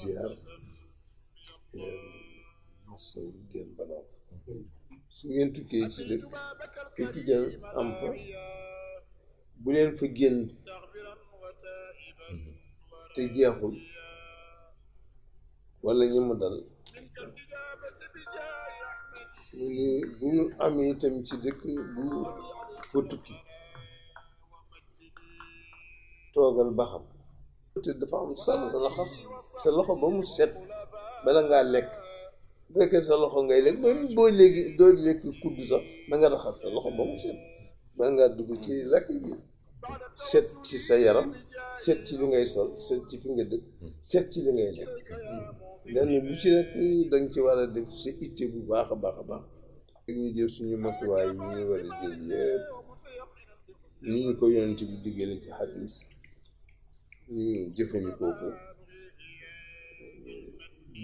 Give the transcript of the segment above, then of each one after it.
ziar masawu ngeen su ngeen tukkee ci dëkk étudiant am fa bu leen fa génn te jeexul wala ñi mu dal bu ñu amee itam ci dëkk bu fa tukki toogal ba te dafa am sànn laxas sa loxo ba mu set bala ngaa lekk bu fekkee sa loxo ngay lekk même boo léegi doo lekk kudd sax na nga raxas sa loxo ba mu set bala ngaa dugg ci lekk gi set ci sa yaram set ci li ngay sol set ci fi nga dëkk set ci li ngay lekk lenn lu ci nekk dañ ci war a def sa itte bu baax a baax a baax ak jël suñu matuwaay yi ñu war a jël yëpp ni ñu ko yonent bi diggale ci xadis ñu jëfandikoo ko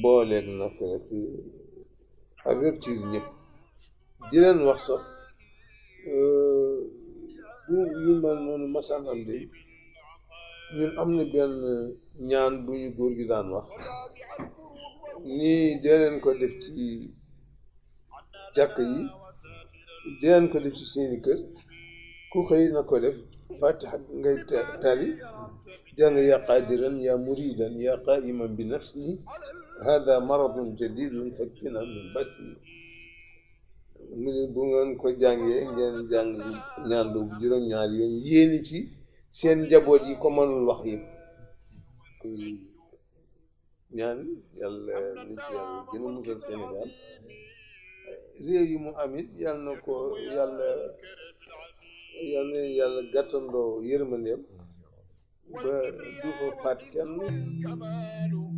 booleen nag rek avertir ñëpp di leen wax sax bu euh, yu mel noonu masaan am de ñun am na benn ñaan bu ñu góor gi daan wax ni dee leen ko def ci jàkk yi dee leen ko def ci seeni kër ku xëy na ko def fatiha ngay tali jàng yaa qaadiran yaa muridan yaa qaiman bi nafsi hada maradun jadidun fakkina min basi mu ne bu ngeen ko jàngee ngeen jàng ñaan boobu juróom-ñaar yoon yéeni ci seen njaboot yi ko mënul wax yëpp ñaan yàlla nit yàlla gën a musal Sénégal amit yàlla na yal na yàlla gàttandoo yërmandeem ba du ko faat